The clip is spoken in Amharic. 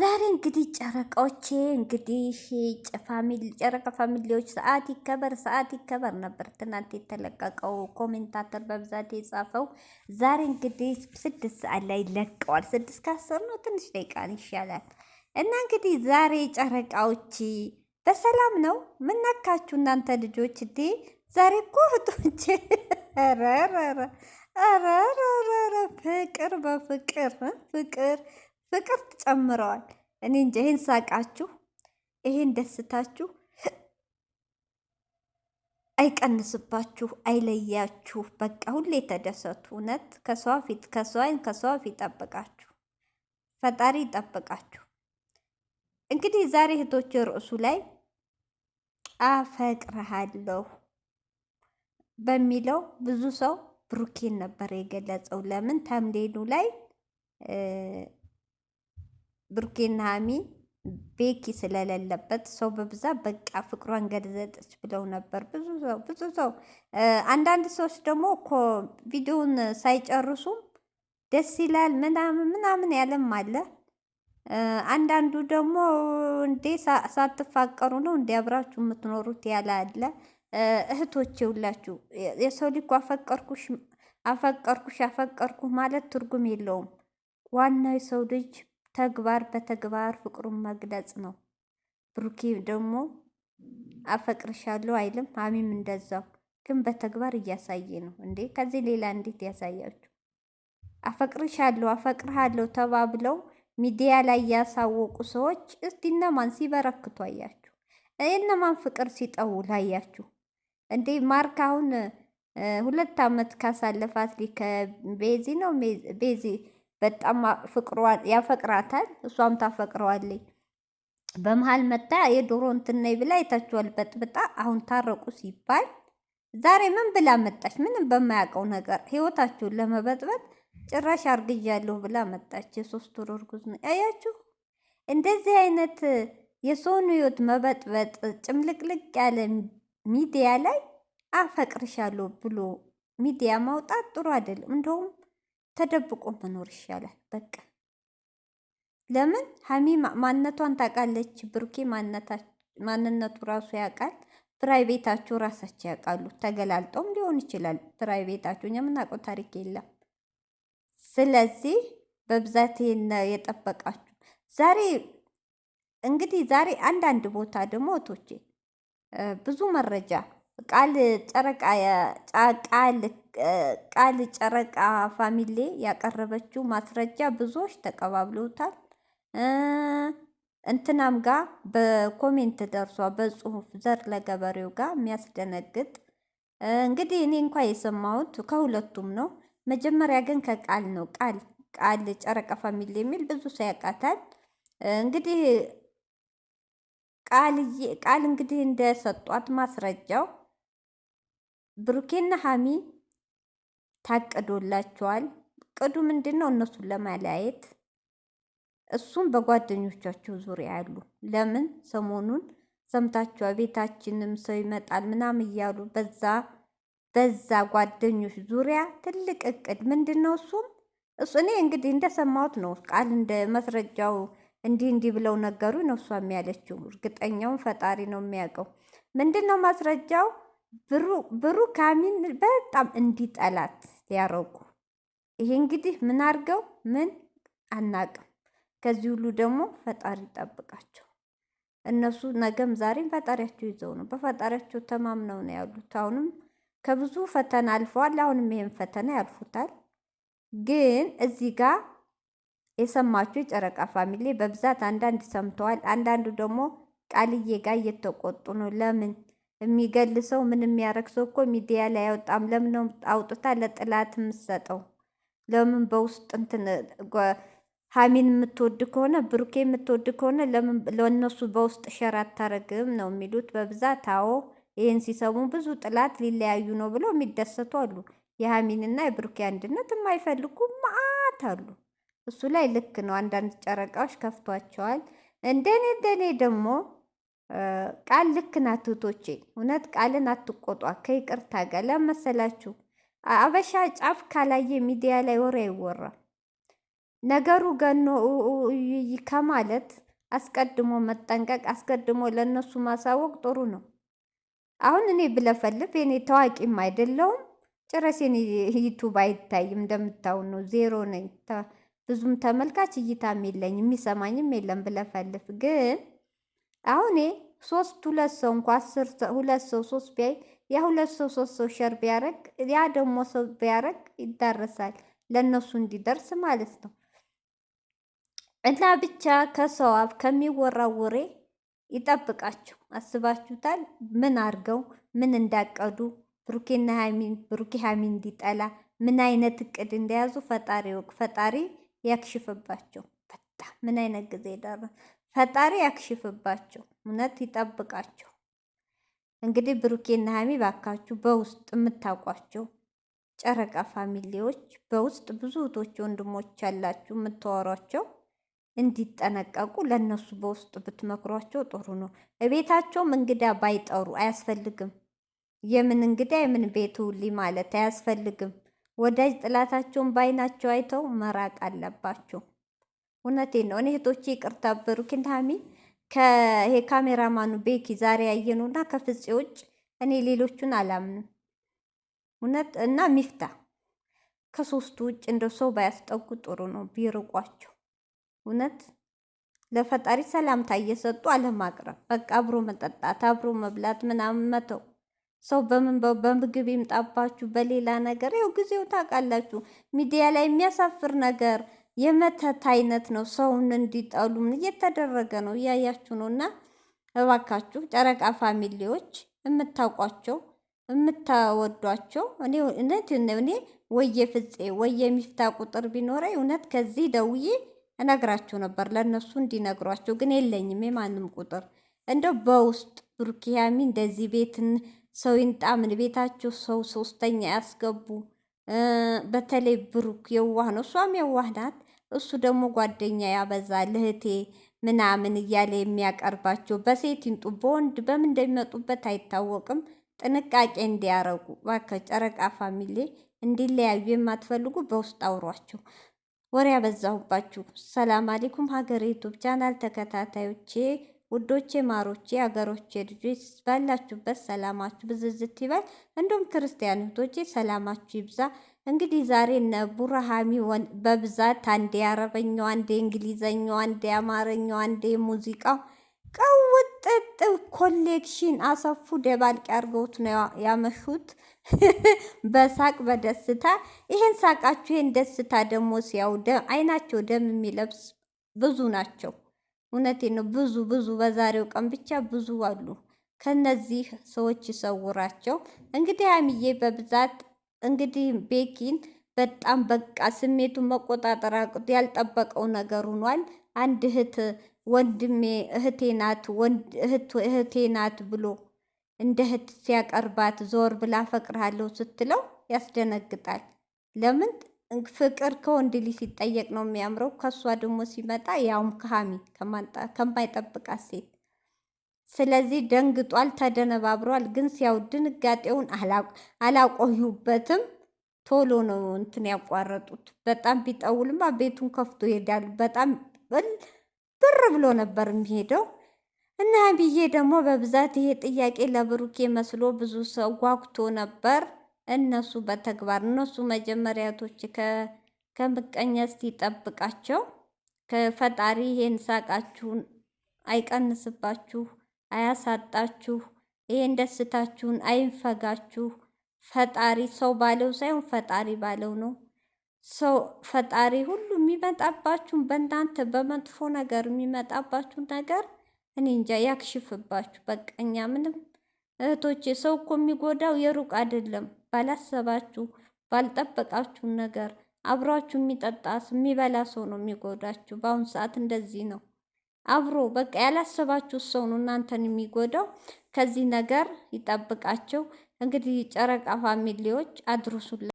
ዛሬ እንግዲህ ጨረቃዎቼ እንግዲህ ጨረቃ ፋሚሊዎች ሰዓት ይከበር ሰዓት ይከበር ነበር ትናንት የተለቀቀው ኮሜንታተር በብዛት የጻፈው። ዛሬ እንግዲህ ስድስት ሰዓት ላይ ለቀዋል። ስድስት ከአስር ነው ትንሽ ደቂቃን ይሻላል። እና እንግዲህ ዛሬ ጨረቃዎች በሰላም ነው ምናካችሁ እናንተ ልጆች? እ ዛሬ እኮ እህቶቼ ረረረ ፍቅር በፍቅር ፍቅር ፍቅር ጨምረዋል። እኔ እንጃ ይህን ሳቃችሁ፣ ይህን ደስታችሁ አይቀንስባችሁ፣ አይለያችሁ። በቃ ሁሌ የተደሰቱ እውነት ከሰዋ ፊት ከሰዋ አይን ፊት ይጠብቃችሁ፣ ፈጣሪ ይጠብቃችሁ። እንግዲህ ዛሬ እህቶች ርዕሱ ላይ አፈቅረሃለሁ በሚለው ብዙ ሰው ብሩኬን ነበር የገለጸው። ለምን ተምሌሉ ላይ ብሩኬና ሀሚ ቤኪ ስለሌለበት ሰው በብዛት በቃ ፍቅሯን ገደዘጠች ብለው ነበር። ብዙ ሰው ብዙ ሰው አንዳንድ ሰዎች ደግሞ እኮ ቪዲዮውን ሳይጨርሱ ደስ ይላል ምናምን ምናምን ያለም አለ። አንዳንዱ ደግሞ እንዴ ሳትፋቀሩ ነው እንዲ አብራችሁ የምትኖሩት ያለ አለ። እህቶች ይውላችሁ፣ የሰው ልጅ አፈቀርኩሽ አፈቀርኩሽ አፈቀርኩ ማለት ትርጉም የለውም። ዋናው የሰው ልጅ ተግባር በተግባር ፍቅሩን መግለጽ ነው። ብሩኬ ደግሞ አፈቅርሻለሁ አይልም። ሀሚም እንደዛው ግን በተግባር እያሳየ ነው እንዴ! ከዚህ ሌላ እንዴት ያሳያችሁ? አፈቅርሻለሁ አፈቅርሃለሁ ተባብለው ሚዲያ ላይ ያሳወቁ ሰዎች እስቲ እነማን ሲበረክቱ አያችሁ? እነማን ፍቅር ሲጠውል አያችሁ? እንዴ ማርክ አሁን ሁለት ዓመት ካሳለፋት ከቤዚ ነው ቤዚ በጣም ፍቅሯን ያፈቅራታል፣ እሷም ታፈቅረዋለች። በመሀል መታ የዶሮ እንትን ነይ ብላ በጥብጣ። አሁን ታረቁ ሲባል ዛሬ ምን ብላ መጣች? ምንም በማያውቀው ነገር ህይወታችሁን ለመበጥበጥ ጭራሽ አርግዣለሁ ብላ መጣች። የሶስት ወር እርጉዝ ነው። ያያችሁ እንደዚህ አይነት የሰውን ህይወት መበጥበጥ ጭምልቅልቅ ያለ ሚዲያ ላይ አፈቅርሻለሁ ብሎ ሚዲያ ማውጣት ጥሩ አይደለም። እንደውም ተደብቆ መኖር ይሻላል። በቃ ለምን ሀሚ ማንነቷን ታውቃለች፣ ብሩኬ ማንነቱ ራሱ ያውቃል። ፕራይቬታችሁ ራሳቸው ያውቃሉ። ተገላልጦም ሊሆን ይችላል ፕራይቬታችሁ። የምናውቀው ታሪክ የለም። ስለዚህ በብዛት የጠበቃችሁ ዛሬ እንግዲህ ዛሬ አንዳንድ ቦታ ደግሞ እህቶቼ ብዙ መረጃ ቃል ጨረቃ ቃል ቃል ጨረቃ ፋሚሌ ያቀረበችው ማስረጃ ብዙዎች ተቀባብለውታል። እንትናም ጋ በኮሜንት ደርሷ በጽሁፍ ዘር ለገበሬው ጋር የሚያስደነግጥ እንግዲህ እኔ እንኳ የሰማሁት ከሁለቱም ነው። መጀመሪያ ግን ከቃል ነው። ቃል ቃል ጨረቃ ፋሚሊ የሚል ብዙ ሰው ያውቃታል። እንግዲህ ቃል እንግዲህ እንደሰጧት ማስረጃው ብሩኬና ሀሚ ታቅዶላቸዋል። ቅዱ ምንድን ነው? እነሱን ለማለያየት እሱም በጓደኞቻቸው ዙሪያ ያሉ ለምን ሰሞኑን ሰምታችኋል። ቤታችንም ሰው ይመጣል ምናምን እያሉ በዛ በዛ ጓደኞች ዙሪያ ትልቅ እቅድ ምንድን ነው? እሱም እሱ እኔ እንግዲህ እንደሰማሁት ነው ቃል እንደ መስረጃው እንዲህ እንዲህ ብለው ነገሩ ነው እሷም ያለችው። እርግጠኛውን ፈጣሪ ነው የሚያውቀው። ምንድን ነው ማስረጃው? ብሩ ካሚን በጣም እንዲጠላት ሊያረቁ ይሄ እንግዲህ ምን አድርገው ምን አናቅም። ከዚህ ሁሉ ደግሞ ፈጣሪ ይጠብቃቸው። እነሱ ነገም ዛሬም ፈጣሪያቸው ይዘው ነው በፈጣሪያቸው ተማምነው ነው ያሉት። አሁንም ከብዙ ፈተና አልፈዋል። አሁንም ይሄን ፈተና ያልፉታል። ግን እዚህ ጋር የሰማችሁ የጨረቃ ፋሚሊ በብዛት አንዳንድ ሰምተዋል። አንዳንዱ ደግሞ ቃልዬ ጋር እየተቆጡ ነው ለምን የሚገልሰው ምን የሚያደርግ ሰው እኮ ሚዲያ ላይ አይወጣም። ለምን ነው አውጥታ ለጥላት የምትሰጠው? ለምን በውስጥ እንትን ሀሚን የምትወድ ከሆነ ብሩኬ የምትወድ ከሆነ ለምን ለእነሱ በውስጥ ሸር አታረግም ነው የሚሉት በብዛት። አዎ ይህን ሲሰሙ ብዙ ጥላት ሊለያዩ ነው ብለው የሚደሰቱ አሉ። የሀሚንና የብሩኬ አንድነት የማይፈልጉ ማአት አሉ። እሱ ላይ ልክ ነው። አንዳንድ ጨረቃዎች ከፍቷቸዋል። እንደኔ እንደኔ ደግሞ ቃል ልክ ናት እህቶቼ፣ እውነት ቃልን አትቆጧ ከይቅርታ ጋር ለመሰላችሁ አበሻ ጫፍ ካላየ ሚዲያ ላይ ወሬ አይወራ። ነገሩ ገኖ ከማለት አስቀድሞ መጠንቀቅ፣ አስቀድሞ ለእነሱ ማሳወቅ ጥሩ ነው። አሁን እኔ ብለፈልፍ እኔ ታዋቂም አይደለውም ጭራሽ ዩቱብ አይታይም እንደምታው ነው፣ ዜሮ ነኝ። ብዙም ተመልካች እይታም የለኝ የሚሰማኝም የለም ብለፈልፍ ግን አሁን ሶስት ሁለት ሰው እንኳ አስር ሁለት ሰው ሶስት ቢያይ ያ ሁለት ሰው ሶስት ሰው ሸር ቢያረግ ያ ደግሞ ሰው ቢያረግ ይዳረሳል ለእነሱ እንዲደርስ ማለት ነው። እና ብቻ ከሰው አፍ ከሚወራ ወሬ ይጠብቃቸው። አስባችሁታል? ምን አርገው ምን እንዳቀዱ ብሩኬና ሃሚን ብሩኬ ሃሚን እንዲጠላ ምን አይነት እቅድ እንደያዙ ፈጣሪ ወቅ ፈጣሪ ያክሽፍባቸው። በጣም ምን አይነት ጊዜ ፈጣሪ ያክሽፍባቸው፣ እውነት ይጠብቃቸው። እንግዲህ ብሩኬና ሀሚ ባካችሁ በውስጥ የምታውቋቸው ጨረቃ ፋሚሊዎች በውስጥ ብዙ እህቶች ወንድሞች ያላችሁ የምታወሯቸው እንዲጠነቀቁ ለእነሱ በውስጥ ብትመክሯቸው ጥሩ ነው። እቤታቸውም እንግዳ ባይጠሩ አያስፈልግም። የምን እንግዳ የምን ቤት ውሊ ማለት አያስፈልግም። ወዳጅ ጥላታቸውን ባይናቸው አይተው መራቅ አለባቸው። እውነቴን ነው። እኔ እህቶቼ ይቅርታ በሩኪን ሀሚ ከይሄ ካሜራማኑ ቤኪ ዛሬ እና ከፍፄ ውጭ እኔ ሌሎቹን አላምንም እውነት እና ሚፍታ ከሶስቱ ውጭ እንደ ሰው ባያስጠጉ ጥሩ ነው፣ ቢርቋቸው እውነት ለፈጣሪ ሰላምታ እየሰጡ አለማቅረብ፣ በቃ አብሮ መጠጣት፣ አብሮ መብላት ምናምን መተው። ሰው በምን በምግብ ይምጣባችሁ በሌላ ነገር። ያው ጊዜው ታውቃላችሁ፣ ሚዲያ ላይ የሚያሳፍር ነገር የመተት አይነት ነው። ሰውን እንዲጠሉም እየተደረገ ነው። እያያችሁ ነው። እና እባካችሁ ጨረቃ ፋሚሊዎች የምታውቋቸው የምታወዷቸው እውነት እኔ ወየ ፍፄ ወየ ሚፍታ ቁጥር ቢኖረኝ እውነት ከዚህ ደውዬ እነግራቸው ነበር ለእነሱ እንዲነግሯቸው፣ ግን የለኝም የማንም ቁጥር እንደው በውስጥ ብሩኪያሚ እንደዚህ ቤትን ሰው ይንጣምን ቤታቸው ሰው ሶስተኛ ያስገቡ። በተለይ ብሩክ የዋህ ነው፣ እሷም የዋህ ናት። እሱ ደግሞ ጓደኛ ያበዛ ልህቴ ምናምን እያለ የሚያቀርባቸው በሴት ይምጡ በወንድ በምን እንደሚመጡበት አይታወቅም። ጥንቃቄ እንዲያረጉ እባክህ። ጨረቃ ፋሚሊ እንዲለያዩ የማትፈልጉ በውስጥ አውሯቸው። ወሬ ያበዛሁባችሁ። ሰላም አሌኩም ሀገሬ ዩቱብ ቻናል ተከታታዮቼ፣ ውዶቼ፣ ማሮቼ፣ ሀገሮቼ ልጆች ባላችሁበት ሰላማችሁ ብዝዝት ይበል። እንዲሁም ክርስቲያን እህቶቼ ሰላማችሁ ይብዛ። እንግዲህ ዛሬ እነ ቡራ በብዛት አንዴ አረበኛው፣ አንዴ እንግሊዘኛው፣ አንዴ አማርኛው፣ አንዴ ሙዚቃው ቀውጥጥ ኮሌክሽን አሰፉ ደባልቅ አርገውት ነው ያመሹት በሳቅ በደስታ። ይሄን ሳቃችሁ ይሄን ደስታ ደግሞ ሲያው አይናቸው ደም የሚለብስ ብዙ ናቸው። እውነቴ ነው። ብዙ ብዙ በዛሬው ቀን ብቻ ብዙ አሉ። ከነዚህ ሰዎች ይሰውራቸው። እንግዲህ ሃሚዬ በብዛት እንግዲህ ቤኪን በጣም በቃ ስሜቱን መቆጣጠር አቅቶ ያልጠበቀው ነገር ሆኗል። አንድ እህት ወንድሜ እህቴ ናት እህቴ ናት ብሎ እንደ እህት ሲያቀርባት ዞር ብላ ፈቅርሃለሁ ስትለው ያስደነግጣል። ለምን ፍቅር ከወንድ ልጅ ሲጠየቅ ነው የሚያምረው። ከእሷ ደግሞ ሲመጣ ያውም ከሀሚ ከማይጠብቃት ሴት ስለዚህ ደንግጧል፣ ተደነባብሯል። ግን ሲያው ድንጋጤውን አላቆዩበትም። ቶሎ ነው እንትን ያቋረጡት። በጣም ቢጠውልማ ቤቱን ከፍቶ ይሄዳሉ። በጣም ብር ብሎ ነበር የሚሄደው እና ብዬ ደግሞ በብዛት ይሄ ጥያቄ ለብሩኬ መስሎ ብዙ ሰው ጓጉቶ ነበር። እነሱ በተግባር እነሱ መጀመሪያቶች ከምቀኛ እስቲ ይጠብቃቸው ከፈጣሪ ይሄን ሳቃችሁን አይቀንስባችሁ። አያሳጣችሁ። ይሄን ደስታችሁን አይንፈጋችሁ። ፈጣሪ ሰው ባለው ሳይሆን ፈጣሪ ባለው ነው። ሰው ፈጣሪ ሁሉ የሚመጣባችሁን በእናንተ በመጥፎ ነገር የሚመጣባችሁን ነገር እኔ እንጃ ያክሽፍባችሁ። በቃ እኛ ምንም እህቶቼ፣ ሰው እኮ የሚጎዳው የሩቅ አይደለም። ባላሰባችሁ ባልጠበቃችሁን ነገር አብሯችሁ የሚጠጣ የሚበላ ሰው ነው የሚጎዳችሁ። በአሁኑ ሰዓት እንደዚህ ነው። አብሮ በቃ ያላሰባችሁ ሰው ነው እናንተን የሚጎዳው። ከዚህ ነገር ይጠብቃቸው። እንግዲህ ጨረቃ ፋሚሊዎች አድርሱላ